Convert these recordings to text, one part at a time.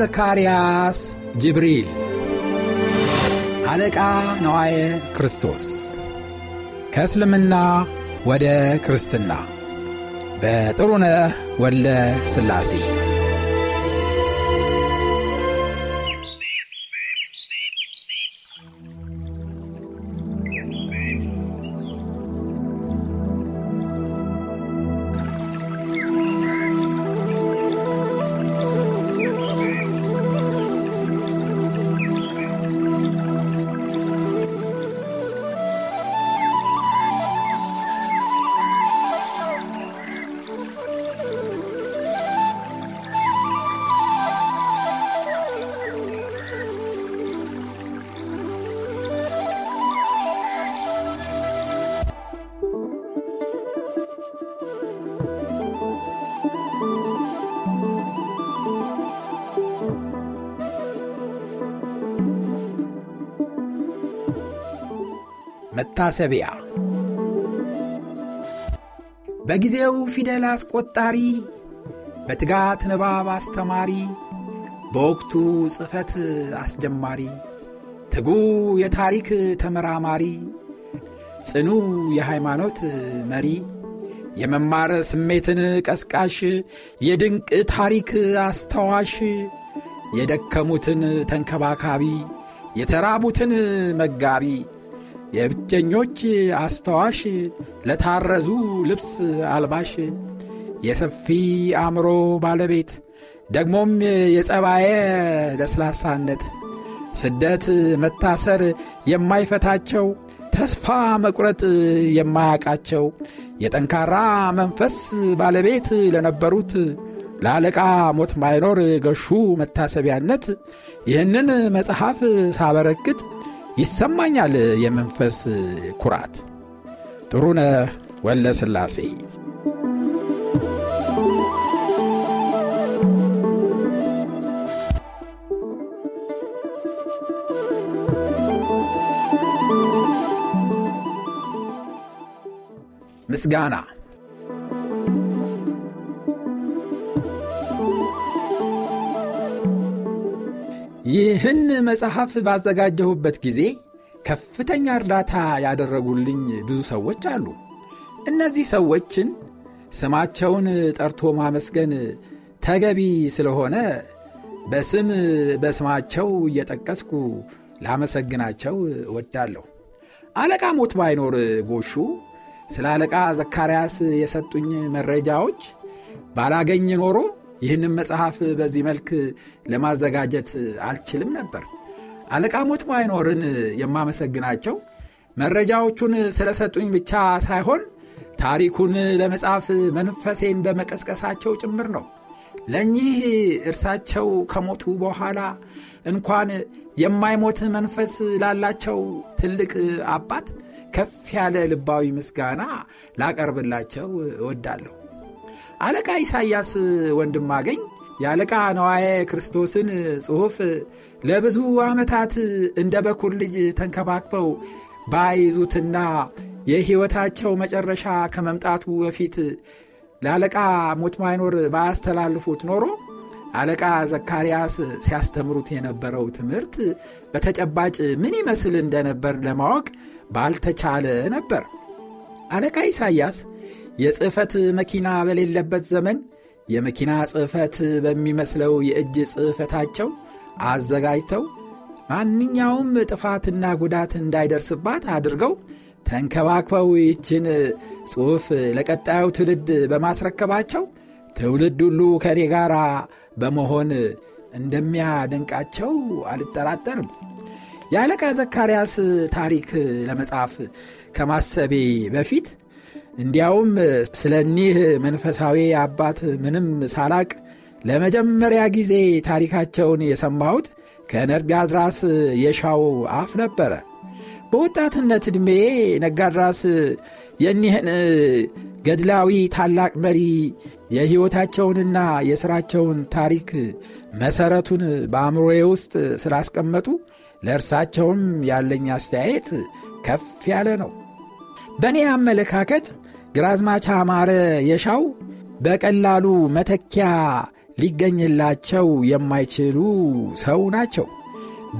ዘካርያስ ጅብሪል አለቃ ነዋየ ክርስቶስ ከእስልምና ወደ ክርስትና በጥሩነ ወለ ሥላሴ መታሰቢያ በጊዜው ፊደል አስቆጣሪ በትጋት ንባብ አስተማሪ በወቅቱ ጽፈት አስጀማሪ ትጉ የታሪክ ተመራማሪ ጽኑ የሃይማኖት መሪ የመማር ስሜትን ቀስቃሽ የድንቅ ታሪክ አስታዋሽ የደከሙትን ተንከባካቢ የተራቡትን መጋቢ የብቸኞች አስተዋሽ ለታረዙ ልብስ አልባሽ የሰፊ አእምሮ ባለቤት ደግሞም የጸባየ ለስላሳነት ስደት መታሰር የማይፈታቸው ተስፋ መቁረጥ የማያቃቸው የጠንካራ መንፈስ ባለቤት ለነበሩት ለአለቃ ሞት ማይኖር ገሹ መታሰቢያነት ይህንን መጽሐፍ ሳበረክት ይሰማኛል የመንፈስ ኩራት። ጥሩነ ወለ ስላሴ ምስጋና ይህን መጽሐፍ ባዘጋጀሁበት ጊዜ ከፍተኛ እርዳታ ያደረጉልኝ ብዙ ሰዎች አሉ። እነዚህ ሰዎችን ስማቸውን ጠርቶ ማመስገን ተገቢ ስለሆነ በስም በስማቸው እየጠቀስኩ ላመሰግናቸው እወዳለሁ። አለቃ ሞት ባይኖር ጎሹ ስለ አለቃ ዘካርያስ የሰጡኝ መረጃዎች ባላገኝ ኖሮ ይህንም መጽሐፍ በዚህ መልክ ለማዘጋጀት አልችልም ነበር። አለቃ ሞት የማመሰግናቸው መረጃዎቹን ስለሰጡኝ ብቻ ሳይሆን ታሪኩን ለመጻፍ መንፈሴን በመቀስቀሳቸው ጭምር ነው። ለእኚህ እርሳቸው ከሞቱ በኋላ እንኳን የማይሞት መንፈስ ላላቸው ትልቅ አባት ከፍ ያለ ልባዊ ምስጋና ላቀርብላቸው እወዳለሁ። አለቃ ኢሳይያስ ወንድም አገኝ የአለቃ ነዋየ ክርስቶስን ጽሑፍ ለብዙ ዓመታት እንደ በኩር ልጅ ተንከባክበው ባይዙትና የሕይወታቸው መጨረሻ ከመምጣቱ በፊት ለአለቃ ሞት ማይኖር ባያስተላልፉት ኖሮ አለቃ ዘካርያስ ሲያስተምሩት የነበረው ትምህርት በተጨባጭ ምን ይመስል እንደነበር ለማወቅ ባልተቻለ ነበር። አለቃ ኢሳይያስ የጽህፈት መኪና በሌለበት ዘመን የመኪና ጽህፈት በሚመስለው የእጅ ጽህፈታቸው አዘጋጅተው ማንኛውም ጥፋትና ጉዳት እንዳይደርስባት አድርገው ተንከባክበው ይችን ጽሑፍ ለቀጣዩ ትውልድ በማስረከባቸው ትውልድ ሁሉ ከኔ ጋር በመሆን እንደሚያደንቃቸው አልጠራጠርም። የአለቃ ዘካርያስ ታሪክ ለመጻፍ ከማሰቤ በፊት እንዲያውም ስለ እኒህ መንፈሳዊ አባት ምንም ሳላቅ ለመጀመሪያ ጊዜ ታሪካቸውን የሰማሁት ከነጋድራስ የሻው አፍ ነበረ። በወጣትነት ዕድሜ ነጋድራስ የኒህን ገድላዊ ታላቅ መሪ የሕይወታቸውንና የሥራቸውን ታሪክ መሠረቱን በአእምሮዬ ውስጥ ስላስቀመጡ ለእርሳቸውም ያለኝ አስተያየት ከፍ ያለ ነው። በእኔ አመለካከት ግራዝማች አማረ የሻው በቀላሉ መተኪያ ሊገኝላቸው የማይችሉ ሰው ናቸው።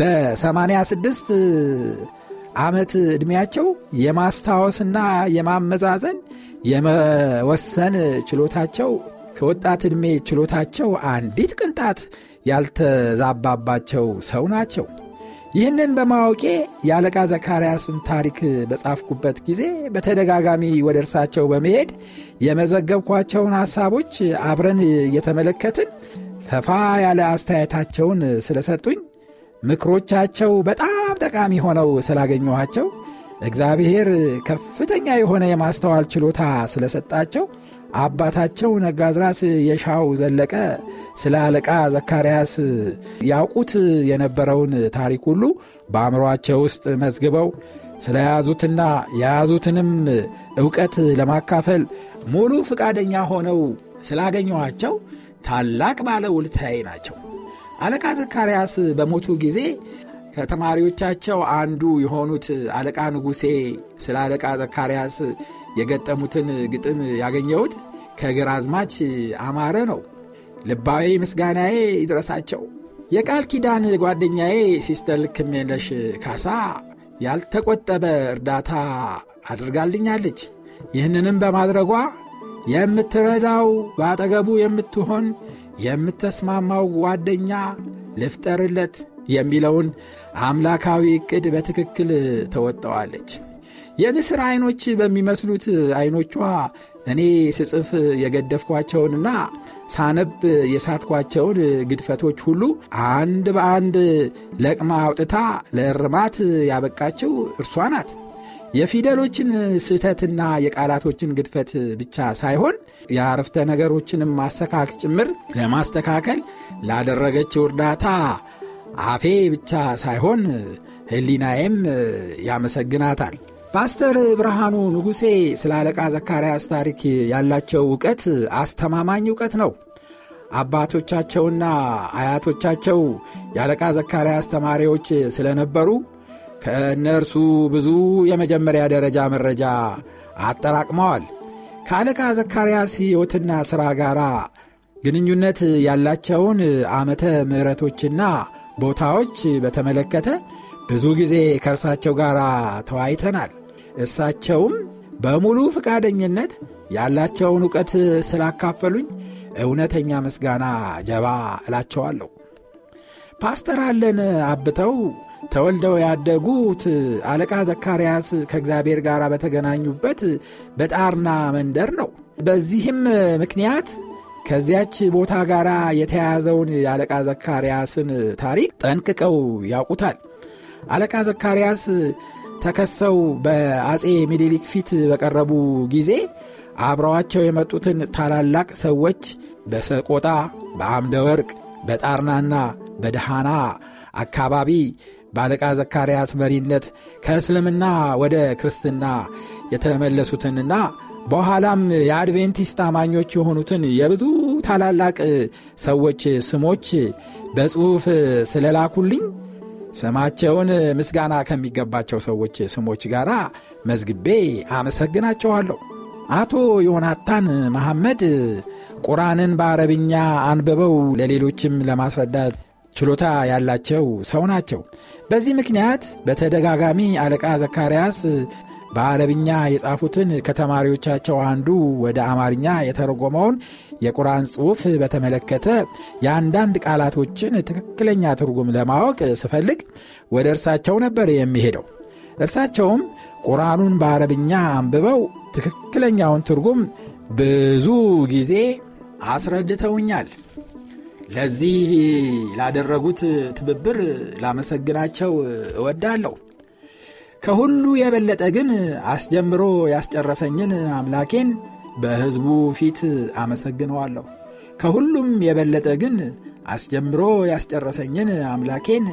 በ86 ዓመት ዕድሜያቸው የማስታወስና የማመዛዘን የመወሰን ችሎታቸው ከወጣት ዕድሜ ችሎታቸው አንዲት ቅንጣት ያልተዛባባቸው ሰው ናቸው። ይህንን በማወቄ የአለቃ ዘካርያስን ታሪክ በጻፍኩበት ጊዜ በተደጋጋሚ ወደ እርሳቸው በመሄድ የመዘገብኳቸውን ሐሳቦች አብረን እየተመለከትን ሰፋ ያለ አስተያየታቸውን ስለሰጡኝ ምክሮቻቸው በጣም ጠቃሚ ሆነው ስላገኘኋቸው እግዚአብሔር ከፍተኛ የሆነ የማስተዋል ችሎታ ስለሰጣቸው አባታቸው ነጋዝራስ የሻው ዘለቀ ስለ አለቃ ዘካርያስ ያውቁት የነበረውን ታሪክ ሁሉ በአእምሯቸው ውስጥ መዝግበው ስለያዙትና የያዙትንም እውቀት ለማካፈል ሙሉ ፍቃደኛ ሆነው ስላገኘኋቸው ታላቅ ውልታዬ ናቸው። አለቃ ዘካርያስ በሞቱ ጊዜ ከተማሪዎቻቸው አንዱ የሆኑት አለቃ ንጉሴ ስለ አለቃ ዘካርያስ የገጠሙትን ግጥም ያገኘሁት ከግራዝማች አማረ ነው። ልባዊ ምስጋናዬ ይድረሳቸው። የቃል ኪዳን ጓደኛዬ ሲስተር ክሜለሽ ካሳ ያልተቆጠበ እርዳታ አድርጋልኛለች። ይህንንም በማድረጓ የምትረዳው በአጠገቡ የምትሆን የምተስማማው ጓደኛ ልፍጠርለት የሚለውን አምላካዊ ዕቅድ በትክክል ተወጠዋለች። የንስር ዐይኖች በሚመስሉት ዐይኖቿ እኔ ስጽፍ የገደፍኳቸውንና ሳነብ የሳትኳቸውን ግድፈቶች ሁሉ አንድ በአንድ ለቅማ አውጥታ ለእርማት ያበቃችው እርሷ ናት። የፊደሎችን ስህተትና የቃላቶችን ግድፈት ብቻ ሳይሆን የአረፍተ ነገሮችንም ማስተካክ ጭምር ለማስተካከል ላደረገችው እርዳታ አፌ ብቻ ሳይሆን ሕሊናዬም ያመሰግናታል። ፓስተር ብርሃኑ ንጉሴ ስለ አለቃ ዘካርያስ ታሪክ ያላቸው እውቀት አስተማማኝ እውቀት ነው። አባቶቻቸውና አያቶቻቸው የአለቃ ዘካርያስ ተማሪዎች ስለነበሩ ከእነርሱ ብዙ የመጀመሪያ ደረጃ መረጃ አጠራቅመዋል። ከአለቃ ዘካርያስ ሕይወትና ሥራ ጋር ግንኙነት ያላቸውን ዓመተ ምዕረቶችና ቦታዎች በተመለከተ ብዙ ጊዜ ከእርሳቸው ጋር ተዋይተናል። እሳቸውም በሙሉ ፈቃደኝነት ያላቸውን እውቀት ስላካፈሉኝ እውነተኛ ምስጋና ጀባ እላቸዋለሁ። ፓስተር አለን አብተው ተወልደው ያደጉት አለቃ ዘካርያስ ከእግዚአብሔር ጋር በተገናኙበት በጣርና መንደር ነው። በዚህም ምክንያት ከዚያች ቦታ ጋር የተያያዘውን የአለቃ ዘካርያስን ታሪክ ጠንቅቀው ያውቁታል። አለቃ ዘካርያስ ተከሰው በአጼ ምኒልክ ፊት በቀረቡ ጊዜ አብረዋቸው የመጡትን ታላላቅ ሰዎች በሰቆጣ፣ በአምደ ወርቅ፣ በጣርናና በደሃና አካባቢ ባለቃ ዘካርያስ መሪነት ከእስልምና ወደ ክርስትና የተመለሱትንና በኋላም የአድቬንቲስት አማኞች የሆኑትን የብዙ ታላላቅ ሰዎች ስሞች በጽሑፍ ስለላኩልኝ ስማቸውን ምስጋና ከሚገባቸው ሰዎች ስሞች ጋር መዝግቤ አመሰግናቸዋለሁ። አቶ ዮናታን መሐመድ ቁራንን በአረብኛ አንብበው ለሌሎችም ለማስረዳት ችሎታ ያላቸው ሰው ናቸው። በዚህ ምክንያት በተደጋጋሚ አለቃ ዘካርያስ በአረብኛ የጻፉትን ከተማሪዎቻቸው አንዱ ወደ አማርኛ የተረጎመውን የቁርአን ጽሑፍ በተመለከተ የአንዳንድ ቃላቶችን ትክክለኛ ትርጉም ለማወቅ ስፈልግ ወደ እርሳቸው ነበር የሚሄደው። እርሳቸውም ቁርአኑን በአረብኛ አንብበው ትክክለኛውን ትርጉም ብዙ ጊዜ አስረድተውኛል። ለዚህ ላደረጉት ትብብር ላመሰግናቸው እወዳለሁ። ከሁሉ የበለጠ ግን አስጀምሮ ያስጨረሰኝን አምላኬን በሕዝቡ ፊት አመሰግነዋለሁ። ከሁሉም የበለጠ ግን አስጀምሮ ያስጨረሰኝን አምላኬን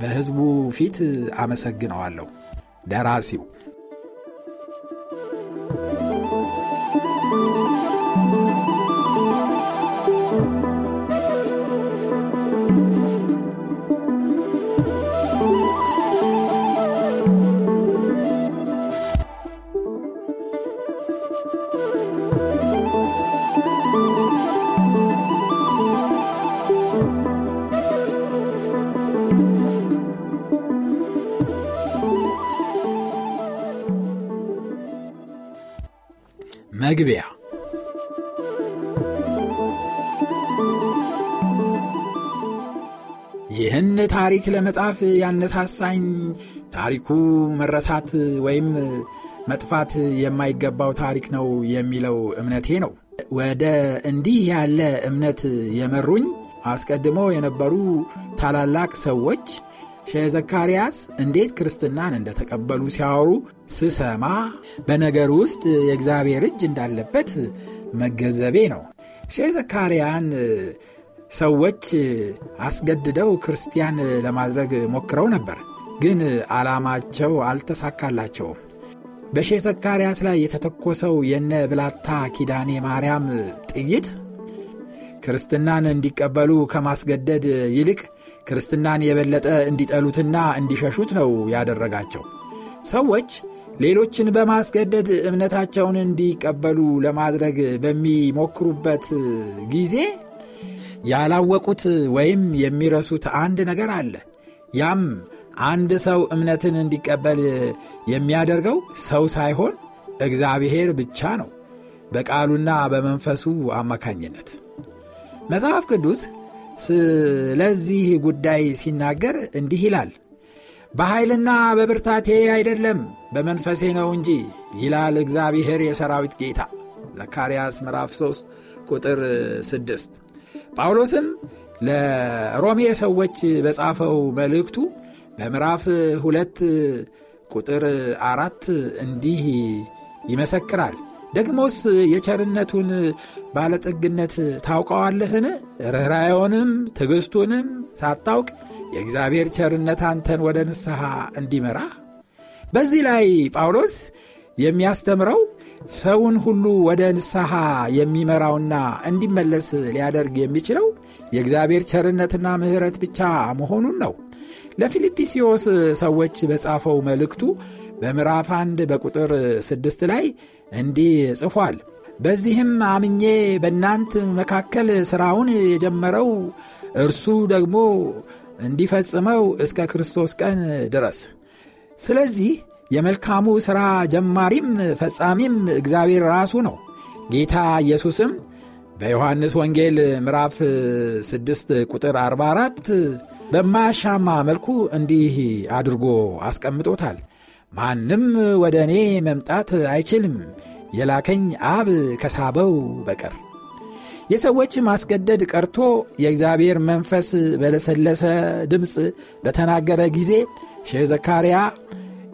በሕዝቡ ፊት አመሰግነዋለሁ። ደራሲው መግቢያ ይህን ታሪክ ለመጻፍ ያነሳሳኝ ታሪኩ መረሳት ወይም መጥፋት የማይገባው ታሪክ ነው የሚለው እምነቴ ነው። ወደ እንዲህ ያለ እምነት የመሩኝ አስቀድሞ የነበሩ ታላላቅ ሰዎች ሼህ ዘካርያስ እንዴት ክርስትናን እንደተቀበሉ ሲያወሩ ስሰማ በነገር ውስጥ የእግዚአብሔር እጅ እንዳለበት መገንዘቤ ነው። ሼህ ዘካርያን ሰዎች አስገድደው ክርስቲያን ለማድረግ ሞክረው ነበር፣ ግን ዓላማቸው አልተሳካላቸውም። በሼህ ዘካርያስ ላይ የተተኮሰው የነ ብላታ ኪዳኔ ማርያም ጥይት ክርስትናን እንዲቀበሉ ከማስገደድ ይልቅ ክርስትናን የበለጠ እንዲጠሉትና እንዲሸሹት ነው ያደረጋቸው። ሰዎች ሌሎችን በማስገደድ እምነታቸውን እንዲቀበሉ ለማድረግ በሚሞክሩበት ጊዜ ያላወቁት ወይም የሚረሱት አንድ ነገር አለ። ያም አንድ ሰው እምነትን እንዲቀበል የሚያደርገው ሰው ሳይሆን እግዚአብሔር ብቻ ነው፣ በቃሉና በመንፈሱ አማካኝነት። መጽሐፍ ቅዱስ ስለዚህ ጉዳይ ሲናገር እንዲህ ይላል። በኃይልና በብርታቴ አይደለም በመንፈሴ ነው እንጂ ይላል እግዚአብሔር የሰራዊት ጌታ። ዘካርያስ ምዕራፍ 3 ቁጥር 6። ጳውሎስም ለሮሜ ሰዎች በጻፈው መልእክቱ በምዕራፍ 2 ቁጥር አራት እንዲህ ይመሰክራል። ደግሞስ የቸርነቱን ባለጠግነት ታውቀዋለህን? ርኅራዮንም ትዕግሥቱንም ሳታውቅ የእግዚአብሔር ቸርነት አንተን ወደ ንስሐ እንዲመራ። በዚህ ላይ ጳውሎስ የሚያስተምረው ሰውን ሁሉ ወደ ንስሐ የሚመራውና እንዲመለስ ሊያደርግ የሚችለው የእግዚአብሔር ቸርነትና ምሕረት ብቻ መሆኑን ነው። ለፊልጵስዮስ ሰዎች በጻፈው መልእክቱ በምዕራፍ 1 በቁጥር ስድስት ላይ እንዲህ ጽፏል። በዚህም አምኜ በእናንት መካከል ሥራውን የጀመረው እርሱ ደግሞ እንዲፈጽመው እስከ ክርስቶስ ቀን ድረስ። ስለዚህ የመልካሙ ሥራ ጀማሪም ፈጻሚም እግዚአብሔር ራሱ ነው። ጌታ ኢየሱስም በዮሐንስ ወንጌል ምዕራፍ 6 ቁጥር 44 በማያሻማ መልኩ እንዲህ አድርጎ አስቀምጦታል። ማንም ወደ እኔ መምጣት አይችልም የላከኝ አብ ከሳበው በቀር የሰዎች ማስገደድ ቀርቶ የእግዚአብሔር መንፈስ በለሰለሰ ድምፅ በተናገረ ጊዜ ሼህ ዘካርያ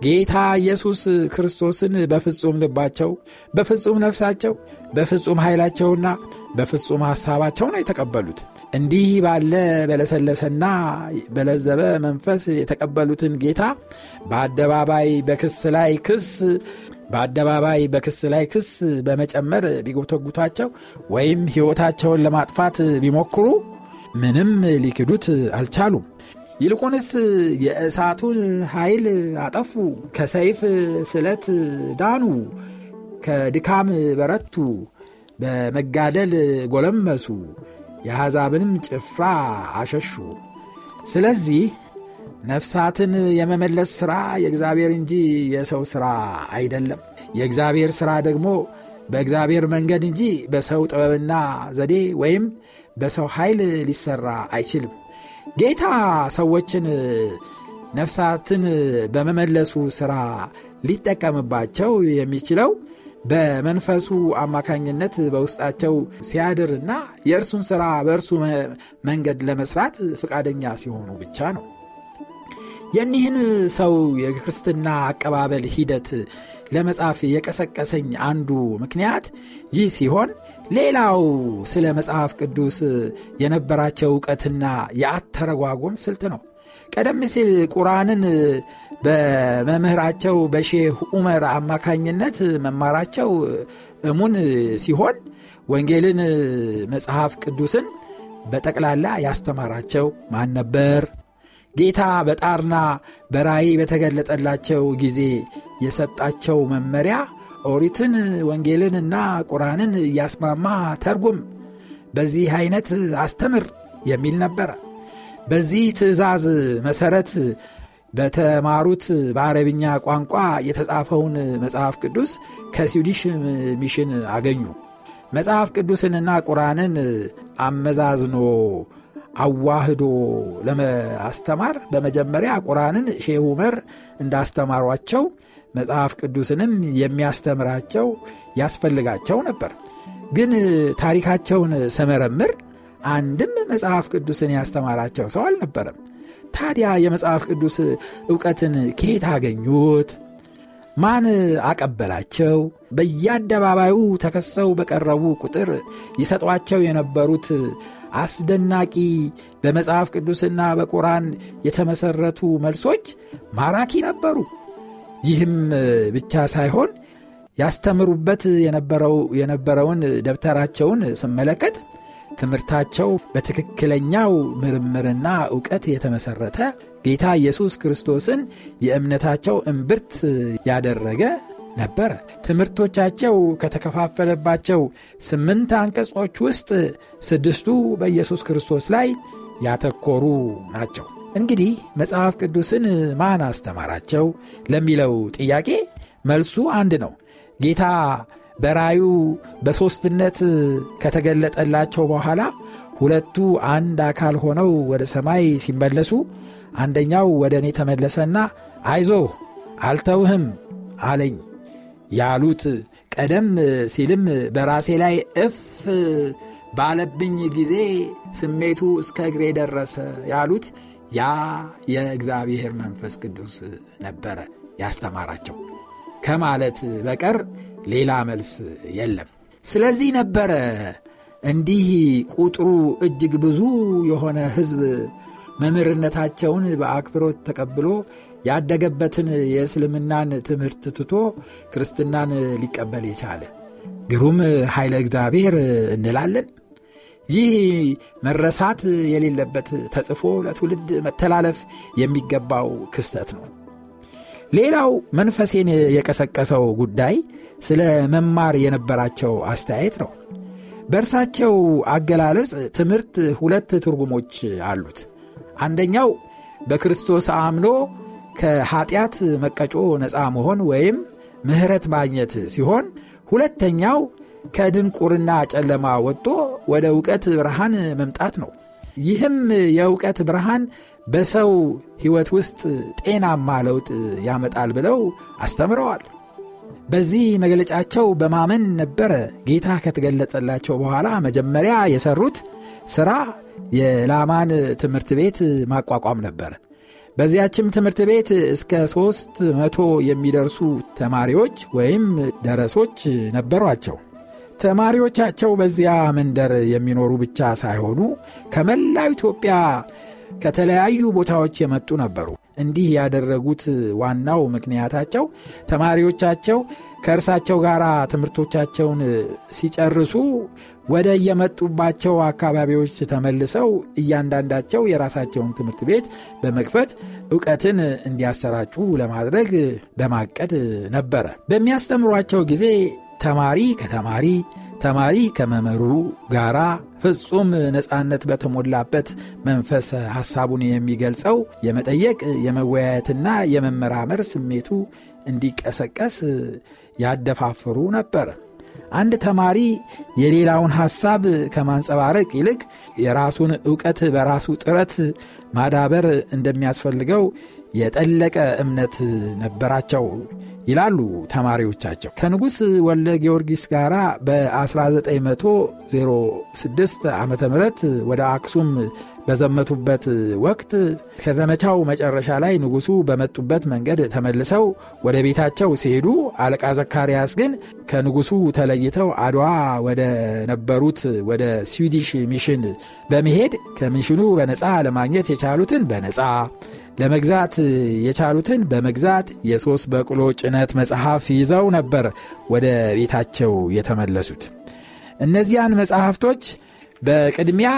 ጌታ ኢየሱስ ክርስቶስን በፍጹም ልባቸው፣ በፍጹም ነፍሳቸው፣ በፍጹም ኃይላቸውና በፍጹም ሐሳባቸው ነው የተቀበሉት። እንዲህ ባለ በለሰለሰና በለዘበ መንፈስ የተቀበሉትን ጌታ በአደባባይ በክስ ላይ ክስ በአደባባይ በክስ ላይ ክስ በመጨመር ቢጎተጉታቸው ወይም ሕይወታቸውን ለማጥፋት ቢሞክሩ ምንም ሊክዱት አልቻሉም። ይልቁንስ የእሳቱን ኃይል አጠፉ። ከሰይፍ ስለት ዳኑ። ከድካም በረቱ። በመጋደል ጎለመሱ። የአሕዛብንም ጭፍራ አሸሹ። ስለዚህ ነፍሳትን የመመለስ ሥራ የእግዚአብሔር እንጂ የሰው ሥራ አይደለም። የእግዚአብሔር ሥራ ደግሞ በእግዚአብሔር መንገድ እንጂ በሰው ጥበብና ዘዴ ወይም በሰው ኃይል ሊሠራ አይችልም። ጌታ ሰዎችን ነፍሳትን በመመለሱ ሥራ ሊጠቀምባቸው የሚችለው በመንፈሱ አማካኝነት በውስጣቸው ሲያድርና የእርሱን ሥራ በእርሱ መንገድ ለመስራት ፈቃደኛ ሲሆኑ ብቻ ነው። የኒህን ሰው የክርስትና አቀባበል ሂደት ለመጻፍ የቀሰቀሰኝ አንዱ ምክንያት ይህ ሲሆን፣ ሌላው ስለ መጽሐፍ ቅዱስ የነበራቸው እውቀትና የአተረጓጎም ስልት ነው። ቀደም ሲል ቁርአንን በመምህራቸው በሼህ ኡመር አማካኝነት መማራቸው እሙን ሲሆን ወንጌልን፣ መጽሐፍ ቅዱስን በጠቅላላ ያስተማራቸው ማን ነበር? ጌታ በጣርና በራይ በተገለጠላቸው ጊዜ የሰጣቸው መመሪያ ኦሪትን ወንጌልንና ቁርአንን እያስማማ ተርጉም፣ በዚህ አይነት አስተምር የሚል ነበር በዚህ ትእዛዝ መሠረት በተማሩት በአረብኛ ቋንቋ የተጻፈውን መጽሐፍ ቅዱስ ከስዊዲሽ ሚሽን አገኙ። መጽሐፍ ቅዱስንና ቁርንን አመዛዝኖ አዋህዶ ለማስተማር በመጀመሪያ ቁርንን ሼህ ዑመር እንዳስተማሯቸው መጽሐፍ ቅዱስንም የሚያስተምራቸው ያስፈልጋቸው ነበር። ግን ታሪካቸውን ስመረምር አንድም መጽሐፍ ቅዱስን ያስተማራቸው ሰው አልነበረም። ታዲያ የመጽሐፍ ቅዱስ እውቀትን ከየት አገኙት? ማን አቀበላቸው? በየአደባባዩ ተከሰው በቀረቡ ቁጥር ይሰጧቸው የነበሩት አስደናቂ በመጽሐፍ ቅዱስና በቁርአን የተመሠረቱ መልሶች ማራኪ ነበሩ። ይህም ብቻ ሳይሆን ያስተምሩበት የነበረውን ደብተራቸውን ስመለከት ትምህርታቸው በትክክለኛው ምርምርና እውቀት የተመሰረተ ጌታ ኢየሱስ ክርስቶስን የእምነታቸው እምብርት ያደረገ ነበረ። ትምህርቶቻቸው ከተከፋፈለባቸው ስምንት አንቀጾች ውስጥ ስድስቱ በኢየሱስ ክርስቶስ ላይ ያተኮሩ ናቸው። እንግዲህ መጽሐፍ ቅዱስን ማን አስተማራቸው ለሚለው ጥያቄ መልሱ አንድ ነው። ጌታ በራዩ በሦስትነት ከተገለጠላቸው በኋላ ሁለቱ አንድ አካል ሆነው ወደ ሰማይ ሲመለሱ አንደኛው ወደ እኔ ተመለሰና አይዞ አልተውህም አለኝ ያሉት ቀደም ሲልም በራሴ ላይ እፍ ባለብኝ ጊዜ ስሜቱ እስከ እግሬ ደረሰ ያሉት ያ የእግዚአብሔር መንፈስ ቅዱስ ነበረ ያስተማራቸው ከማለት በቀር ሌላ መልስ የለም። ስለዚህ ነበረ እንዲህ ቁጥሩ እጅግ ብዙ የሆነ ሕዝብ መምህርነታቸውን በአክብሮት ተቀብሎ ያደገበትን የእስልምናን ትምህርት ትቶ ክርስትናን ሊቀበል የቻለ ግሩም ኃይለ እግዚአብሔር እንላለን። ይህ መረሳት የሌለበት ተጽፎ ለትውልድ መተላለፍ የሚገባው ክስተት ነው። ሌላው መንፈሴን የቀሰቀሰው ጉዳይ ስለ መማር የነበራቸው አስተያየት ነው። በእርሳቸው አገላለጽ ትምህርት ሁለት ትርጉሞች አሉት። አንደኛው በክርስቶስ አምኖ ከኃጢአት መቀጮ ነፃ መሆን ወይም ምህረት ማግኘት ሲሆን ሁለተኛው ከድንቁርና ጨለማ ወጥቶ ወደ እውቀት ብርሃን መምጣት ነው። ይህም የእውቀት ብርሃን በሰው ሕይወት ውስጥ ጤናማ ለውጥ ያመጣል ብለው አስተምረዋል። በዚህ መግለጫቸው በማመን ነበረ ጌታ ከተገለጸላቸው በኋላ መጀመሪያ የሰሩት ሥራ የላማን ትምህርት ቤት ማቋቋም ነበር። በዚያችም ትምህርት ቤት እስከ ሦስት መቶ የሚደርሱ ተማሪዎች ወይም ደረሶች ነበሯቸው። ተማሪዎቻቸው በዚያ መንደር የሚኖሩ ብቻ ሳይሆኑ ከመላው ኢትዮጵያ ከተለያዩ ቦታዎች የመጡ ነበሩ። እንዲህ ያደረጉት ዋናው ምክንያታቸው ተማሪዎቻቸው ከእርሳቸው ጋር ትምህርቶቻቸውን ሲጨርሱ ወደ የመጡባቸው አካባቢዎች ተመልሰው እያንዳንዳቸው የራሳቸውን ትምህርት ቤት በመክፈት እውቀትን እንዲያሰራጩ ለማድረግ በማቀድ ነበረ። በሚያስተምሯቸው ጊዜ ተማሪ ከተማሪ ተማሪ ከመምህሩ ጋራ ፍጹም ነፃነት በተሞላበት መንፈስ ሐሳቡን የሚገልጸው የመጠየቅ የመወያየትና የመመራመር ስሜቱ እንዲቀሰቀስ ያደፋፍሩ ነበር። አንድ ተማሪ የሌላውን ሐሳብ ከማንጸባረቅ ይልቅ የራሱን ዕውቀት በራሱ ጥረት ማዳበር እንደሚያስፈልገው የጠለቀ እምነት ነበራቸው። ይላሉ ተማሪዎቻቸው። ከንጉሥ ወልደ ጊዮርጊስ ጋር በ1906 ዓ ም ወደ አክሱም በዘመቱበት ወቅት ከዘመቻው መጨረሻ ላይ ንጉሱ በመጡበት መንገድ ተመልሰው ወደ ቤታቸው ሲሄዱ አለቃ ዘካርያስ ግን ከንጉሱ ተለይተው አድዋ ወደ ነበሩት ወደ ስዊዲሽ ሚሽን በመሄድ ከሚሽኑ በነፃ ለማግኘት የቻሉትን በነፃ ለመግዛት የቻሉትን በመግዛት የሦስት በቅሎ ጭነት መጽሐፍ ይዘው ነበር ወደ ቤታቸው የተመለሱት። እነዚያን መጽሐፍቶች በቅድሚያ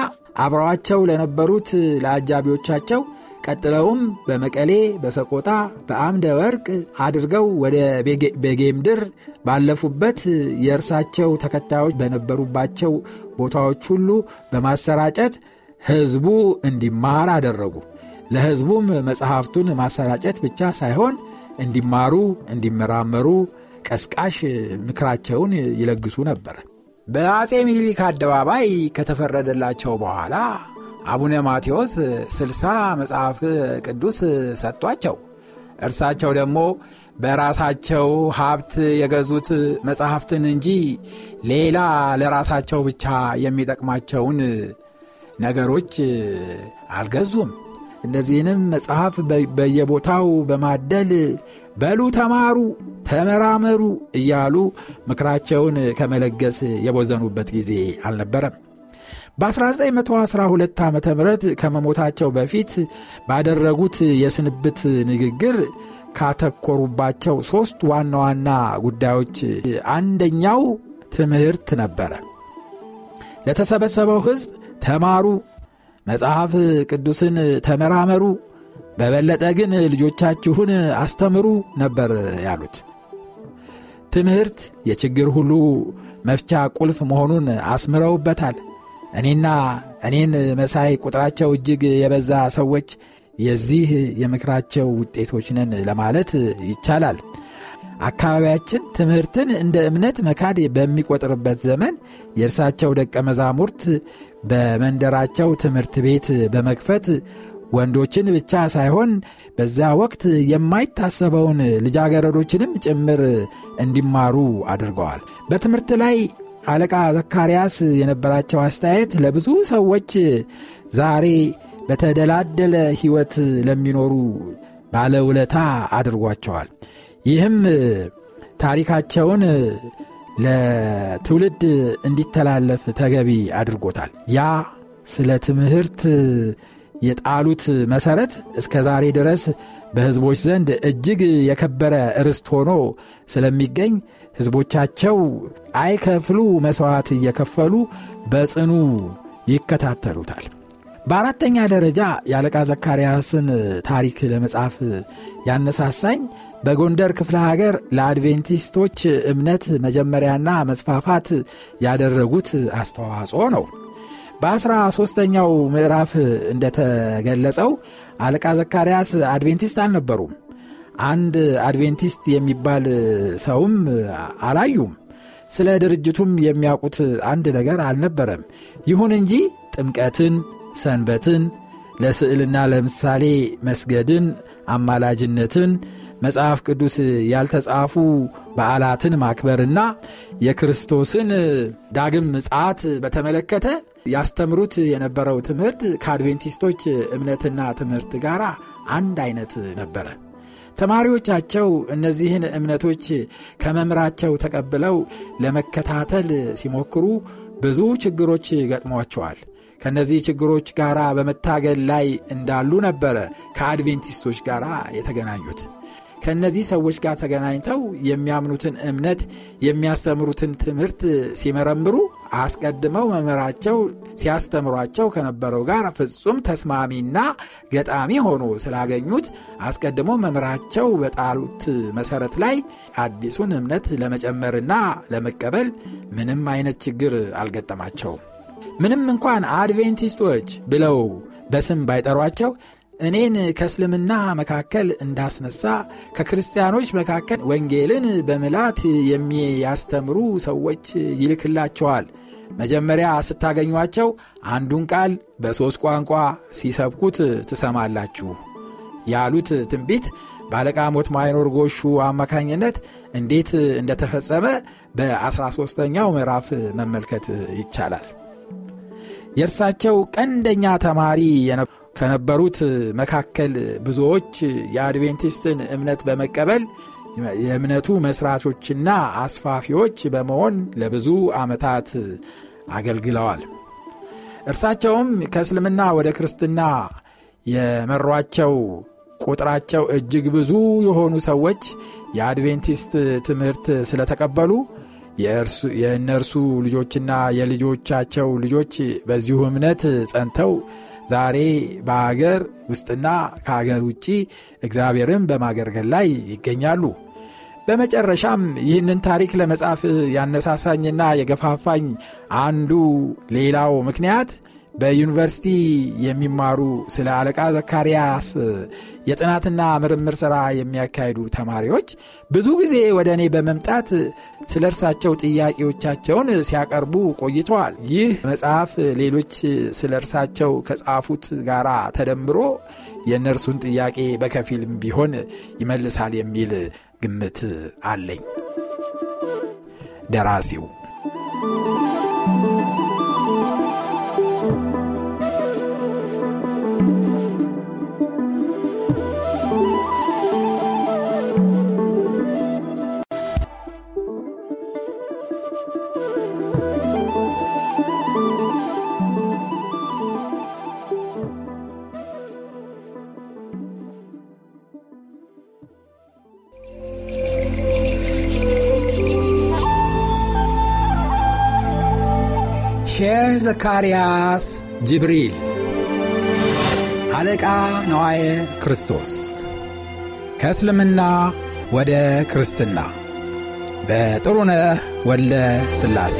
አብረዋቸው ለነበሩት ለአጃቢዎቻቸው ቀጥለውም በመቀሌ በሰቆጣ በአምደ ወርቅ አድርገው ወደ ቤጌምድር ባለፉበት የእርሳቸው ተከታዮች በነበሩባቸው ቦታዎች ሁሉ በማሰራጨት ሕዝቡ እንዲማር አደረጉ። ለሕዝቡም መጽሐፍቱን ማሰራጨት ብቻ ሳይሆን እንዲማሩ፣ እንዲመራመሩ ቀስቃሽ ምክራቸውን ይለግሱ ነበር። በአጼ ሚኒሊክ አደባባይ ከተፈረደላቸው በኋላ አቡነ ማቴዎስ ስልሳ መጽሐፍ ቅዱስ ሰጧቸው። እርሳቸው ደግሞ በራሳቸው ሀብት የገዙት መጽሐፍትን እንጂ ሌላ ለራሳቸው ብቻ የሚጠቅማቸውን ነገሮች አልገዙም። እነዚህንም መጽሐፍ በየቦታው በማደል በሉ ተማሩ ተመራመሩ እያሉ ምክራቸውን ከመለገስ የቦዘኑበት ጊዜ አልነበረም። በ1912 ዓ ም ከመሞታቸው በፊት ባደረጉት የስንብት ንግግር ካተኮሩባቸው ሦስት ዋና ዋና ጉዳዮች አንደኛው ትምህርት ነበረ። ለተሰበሰበው ሕዝብ ተማሩ፣ መጽሐፍ ቅዱስን ተመራመሩ፣ በበለጠ ግን ልጆቻችሁን አስተምሩ ነበር ያሉት። ትምህርት የችግር ሁሉ መፍቻ ቁልፍ መሆኑን አስምረውበታል። እኔና እኔን መሳይ ቁጥራቸው እጅግ የበዛ ሰዎች የዚህ የምክራቸው ውጤቶች ነን ለማለት ይቻላል። አካባቢያችን ትምህርትን እንደ እምነት መካድ በሚቆጥርበት ዘመን የእርሳቸው ደቀ መዛሙርት በመንደራቸው ትምህርት ቤት በመክፈት ወንዶችን ብቻ ሳይሆን በዚያ ወቅት የማይታሰበውን ልጃገረዶችንም ጭምር እንዲማሩ አድርገዋል። በትምህርት ላይ አለቃ ዘካርያስ የነበራቸው አስተያየት ለብዙ ሰዎች ዛሬ በተደላደለ ሕይወት ለሚኖሩ ባለውለታ አድርጓቸዋል። ይህም ታሪካቸውን ለትውልድ እንዲተላለፍ ተገቢ አድርጎታል። ያ ስለ ትምህርት የጣሉት መሠረት እስከ ዛሬ ድረስ በሕዝቦች ዘንድ እጅግ የከበረ ርስት ሆኖ ስለሚገኝ ሕዝቦቻቸው አይከፍሉ መሥዋዕት እየከፈሉ በጽኑ ይከታተሉታል። በአራተኛ ደረጃ የአለቃ ዘካርያስን ታሪክ ለመጻፍ ያነሳሳኝ በጎንደር ክፍለ ሀገር ለአድቬንቲስቶች እምነት መጀመሪያና መስፋፋት ያደረጉት አስተዋጽኦ ነው። በአስራ ሦስተኛው ምዕራፍ እንደተገለጸው አለቃ ዘካርያስ አድቬንቲስት አልነበሩም። አንድ አድቬንቲስት የሚባል ሰውም አላዩም። ስለ ድርጅቱም የሚያውቁት አንድ ነገር አልነበረም። ይሁን እንጂ ጥምቀትን፣ ሰንበትን፣ ለስዕልና ለምሳሌ መስገድን፣ አማላጅነትን፣ መጽሐፍ ቅዱስ ያልተጻፉ በዓላትን ማክበርና የክርስቶስን ዳግም ምጽት በተመለከተ ያስተምሩት የነበረው ትምህርት ከአድቬንቲስቶች እምነትና ትምህርት ጋር አንድ አይነት ነበረ። ተማሪዎቻቸው እነዚህን እምነቶች ከመምህራቸው ተቀብለው ለመከታተል ሲሞክሩ ብዙ ችግሮች ገጥሟቸዋል። ከእነዚህ ችግሮች ጋር በመታገል ላይ እንዳሉ ነበረ ከአድቬንቲስቶች ጋር የተገናኙት። ከእነዚህ ሰዎች ጋር ተገናኝተው የሚያምኑትን እምነት የሚያስተምሩትን ትምህርት ሲመረምሩ አስቀድመው መምህራቸው ሲያስተምሯቸው ከነበረው ጋር ፍጹም ተስማሚና ገጣሚ ሆኖ ስላገኙት አስቀድሞ መምህራቸው በጣሉት መሰረት ላይ አዲሱን እምነት ለመጨመርና ለመቀበል ምንም አይነት ችግር አልገጠማቸውም። ምንም እንኳን አድቬንቲስቶች ብለው በስም ባይጠሯቸው እኔን ከእስልምና መካከል እንዳስነሳ ከክርስቲያኖች መካከል ወንጌልን በምላት የሚያስተምሩ ሰዎች ይልክላቸዋል። መጀመሪያ ስታገኟቸው አንዱን ቃል በሦስት ቋንቋ ሲሰብኩት ትሰማላችሁ ያሉት ትንቢት ባለቃሞት ማይኖር ጎሹ አማካኝነት እንዴት እንደተፈጸመ በ13ኛው ምዕራፍ መመልከት ይቻላል። የእርሳቸው ቀንደኛ ተማሪ የነበ ከነበሩት መካከል ብዙዎች የአድቬንቲስትን እምነት በመቀበል የእምነቱ መስራቾችና አስፋፊዎች በመሆን ለብዙ ዓመታት አገልግለዋል። እርሳቸውም ከእስልምና ወደ ክርስትና የመሯቸው ቁጥራቸው እጅግ ብዙ የሆኑ ሰዎች የአድቬንቲስት ትምህርት ስለተቀበሉ የእነርሱ ልጆችና የልጆቻቸው ልጆች በዚሁ እምነት ጸንተው ዛሬ በሀገር ውስጥና ከሀገር ውጪ እግዚአብሔርን በማገልገል ላይ ይገኛሉ። በመጨረሻም ይህንን ታሪክ ለመጻፍ ያነሳሳኝና የገፋፋኝ አንዱ ሌላው ምክንያት በዩኒቨርሲቲ የሚማሩ ስለ አለቃ ዘካርያስ የጥናትና ምርምር ሥራ የሚያካሂዱ ተማሪዎች ብዙ ጊዜ ወደ እኔ በመምጣት ስለ እርሳቸው ጥያቄዎቻቸውን ሲያቀርቡ ቆይተዋል። ይህ መጽሐፍ ሌሎች ስለ እርሳቸው ከጻፉት ጋር ተደምሮ የእነርሱን ጥያቄ በከፊልም ቢሆን ይመልሳል የሚል ግምት አለኝ። ደራሲው ዘካርያስ ጅብሪል አለቃ ነዋየ ክርስቶስ ከእስልምና ወደ ክርስትና በጥሩነ ወለ ሥላሴ